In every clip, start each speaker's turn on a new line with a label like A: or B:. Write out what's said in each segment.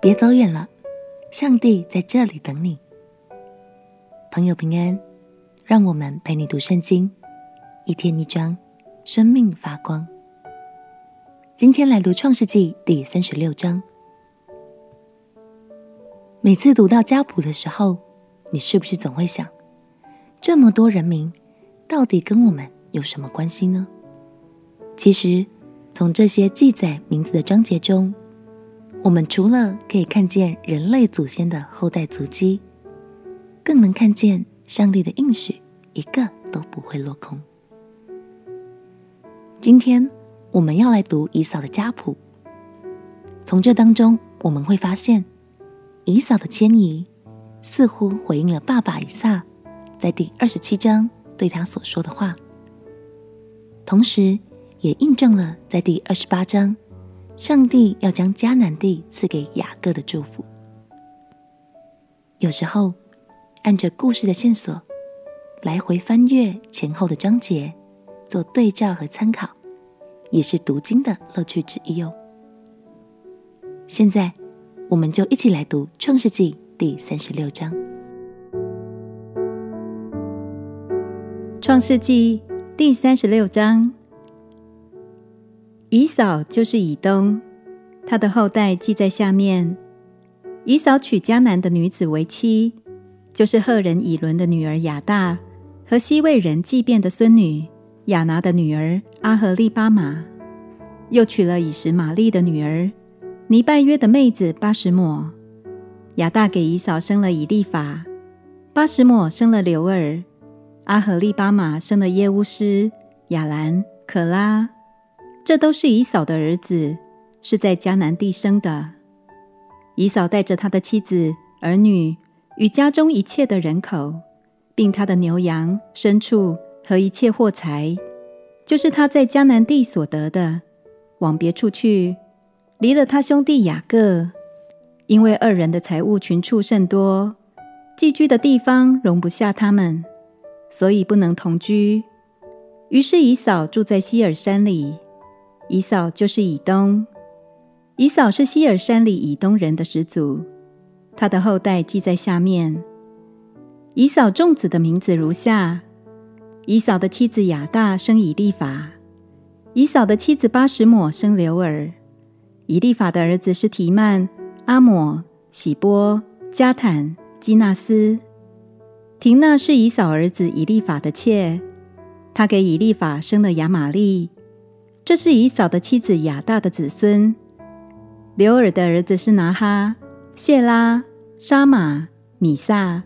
A: 別走遠了，上帝在這裡等你，朋友平安。讓我們陪你讀聖經，一天一章，生命發光。今天來讀創世記第三十六章。每次讀到家譜的時候，你是不是總會想，這麼多人名，到底跟我們有什麼關係呢？其實，從這些記載名字的章節中，我們除了可以看見人類祖先的後代足跡，更能看見上帝的應許，一個都不會落空。今天我們要來讀以掃的家譜，從這當中我們會發現，以掃的遷移似乎回應了爸爸以撒在第二十七章對他所說的話，同時也印證了在第二十八章。上帝要將迦南地賜給雅各的祝福。有時候，按着故事的線索，來回翻閱前後的章節，做對照和參考，也是讀經的樂趣之一哦。現在，我們就一起來讀《創世記》第三十六章。《創世記》第三十六章。
B: 以掃就是以東，他的後代記在下面。以掃娶迦南的女子為妻，就是赫人以倫的女兒亞大和希未人祭便的孫女亞拿的女兒阿何利巴瑪，又娶了以實瑪利的女兒尼拜約的妹子巴實抹。亞大給以掃生了以利法，巴實抹生了流珥，阿何利巴瑪生了耶烏施、雅蘭、可拉。這都是以掃的兒子，是在迦南地生的。以掃帶着他的妻子、兒女與家中一切的人口，並他的牛羊、牲畜和一切貨財，就是他在迦南地所得的，往別處去，離了他兄弟雅各，因為二人的財物、群畜甚多，寄居的地方容不下他們，所以不能同居。於是以掃住在西珥山裡。以掃就是以東，以掃是西爾山裡以東人的始祖，他的後代記在下面。以掃眾子的名字如下：以掃的妻子亞大生以利法，以掃的妻子巴實抹生流珥，以利法的兒子是提幔、阿抹、洗玻、迦坦、基納斯。亭納是以掃兒子以利法的妾，她給以利法生了亞瑪力。這是以掃的妻子亞大的子孫，流珥的兒子是拿哈、謝拉、沙馬、米薩。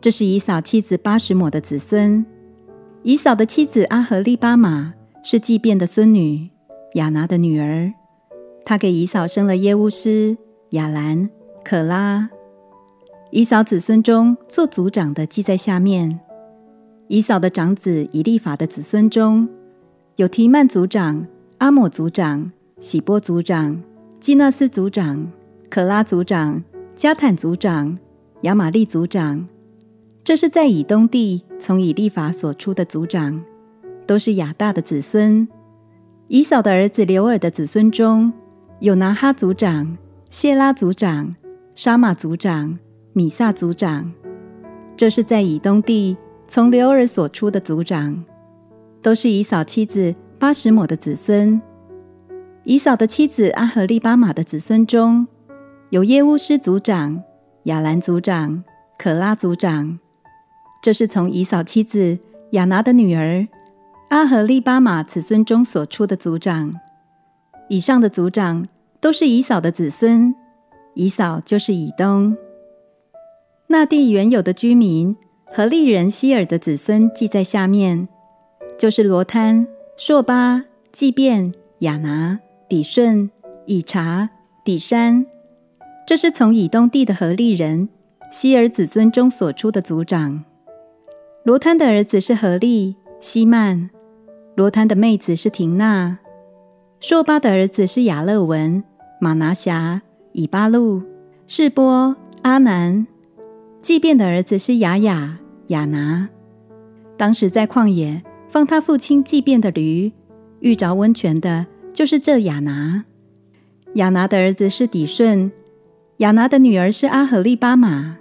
B: 這是以掃妻子巴實抹的子孫，以掃的妻子阿何利巴瑪是祭便的孫女，亞拿的女兒。她給以掃生了耶烏施、雅蘭、可拉。以掃子孫中做族長的記在下面。以掃的長子以利法的子孫中。有提曼族長、阿莫族長、喜波族長、基納斯族長、可拉族長、加坦族長、亞瑪利族長，這是在以東地從以利法所出的族長，都是亞大的子孫。以掃的兒子流珥的子孫中有拿哈族長、謝拉族長、沙瑪族長、米撒族長，這是在以東地從流珥所出的族長。都是以掃妻子巴實抹的子孫。以掃的妻子阿何利巴瑪的子孫中有耶烏施族長、雅蘭族長、可拉族長，這是從以掃妻子亞拿的女兒阿何利巴瑪子孫中所出的族長。以上的族長都是以掃的子孫，以掃就是以東。那地原有的居民何利人西珥的子孫，記在下面。就是羅坍、朔巴、祭便、亞拿、底順、以察、底山，這是從以東地的何利人西珥子孫中所出的族長。羅坍的兒子是何利、希幔；羅坍的妹子是亭納；朔巴的兒子是亞勒文、瑪拿轄、以巴錄、示波、阿南；祭便的兒子是亞雅、亞拿。當時在曠野。放他父親祭奠的驢，遇着溫泉的就是這亞拿。亞拿的兒子是底順，亞拿的女兒是阿合利巴馬。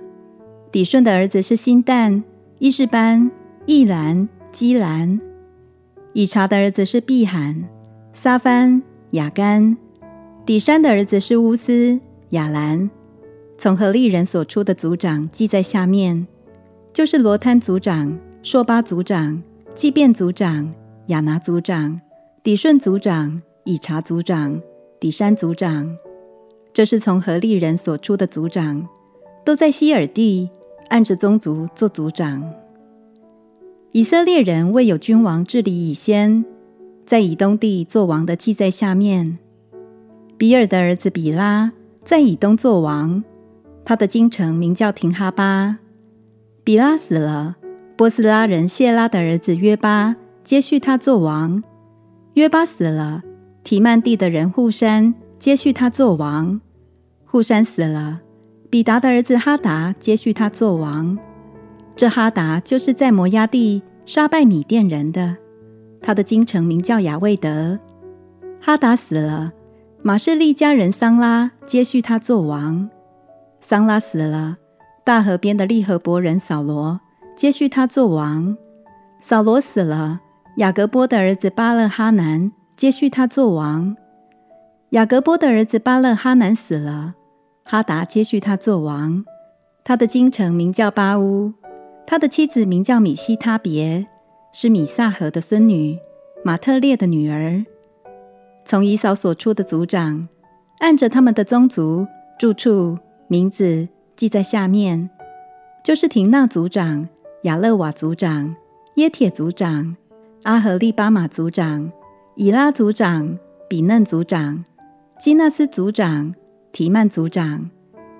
B: 底順的兒子是新旦、伊士班、易蘭、基蘭。以查的兒子是碧罕、撒番、亞干。底山的兒子是烏斯、亞蘭。從何利人所出的族長記在下面，就是羅攤族長、朔巴族長。祭便族長、亞拿族長、底順族長、以察族長、底珊族長，這是從何利人所出的族長，都在西珥地按着宗族做族長。以色列人未有君王治理以先，在以東地做王的記在下面。比珥的兒子比拉在以東做王，他的京城名叫亭哈巴。比拉死了。波斯拉人謝拉的兒子約巴接續他做王。約巴死了，提曼幔地的人戶珊接續他做王。戶珊死了，比達的兒子哈達接續他做王。這哈達就是在摩押地殺敗米甸人的，他的京城名叫亞未得。哈達死了，瑪士利加人桑拉接續他做王。桑拉死了，大河邊的利河伯人掃羅。接續他做王，掃羅死了，亞革波的兒子巴勒哈南接續他做王。亞革波的兒子巴勒哈南死了，哈達接續他做王。他的京城名叫巴烏，他的妻子名叫米希他別，是米薩合的孫女，馬特列的女兒。從以掃所出的族長，按着他們的宗族、住處、名字記在下面，就是亭納族長、亞勒瓦族長、耶鐵族長、阿和利巴馬族長、以拉族長、比嫩族長、基納斯族長、提曼族長、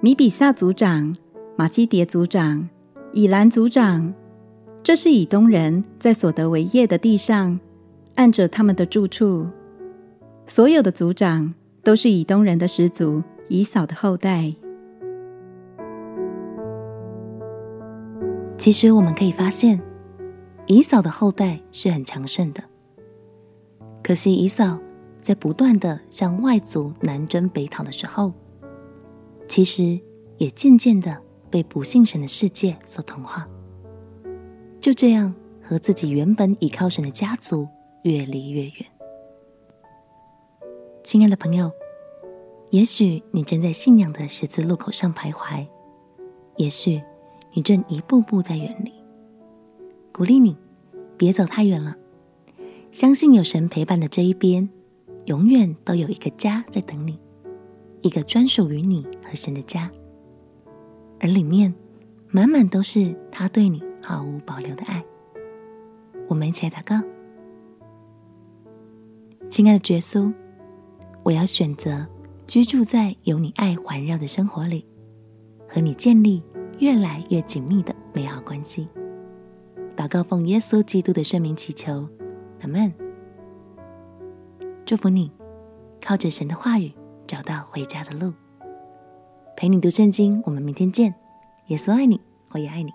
B: 米比薩族長、馬基迭族長、以蘭族長，這是以東人在所得為業的地上按着他們的住處，所有的族長都是以東人的始祖以掃的後代。
A: 其實我們可以發現，以掃的後代是很強盛的。可惜以掃在不斷的向外族南征北討的時候，其實也漸漸的被不信神的世界所同化，就這樣和自己原本依靠神的家族越離越遠。親愛的朋友，也許你正在信仰的十字路口上徘徊，也許，你正一步步在遠離，鼓勵你，別走太遠了。相信有神陪伴的這一邊，永遠都有一個家在等你，一個專屬於你和神的家，而裡面滿滿都是他對你毫無保留的愛。我們一起來禱告，親愛的耶穌，我要選擇居住在有你愛環繞的生活裡，和你建立。越來越緊密的美好關係。禱告奉耶穌基督的聖名祈求，阿門。祝福你，靠着神的話語找到回家的路。陪你讀聖經，我們明天見。耶穌愛你，我也愛你。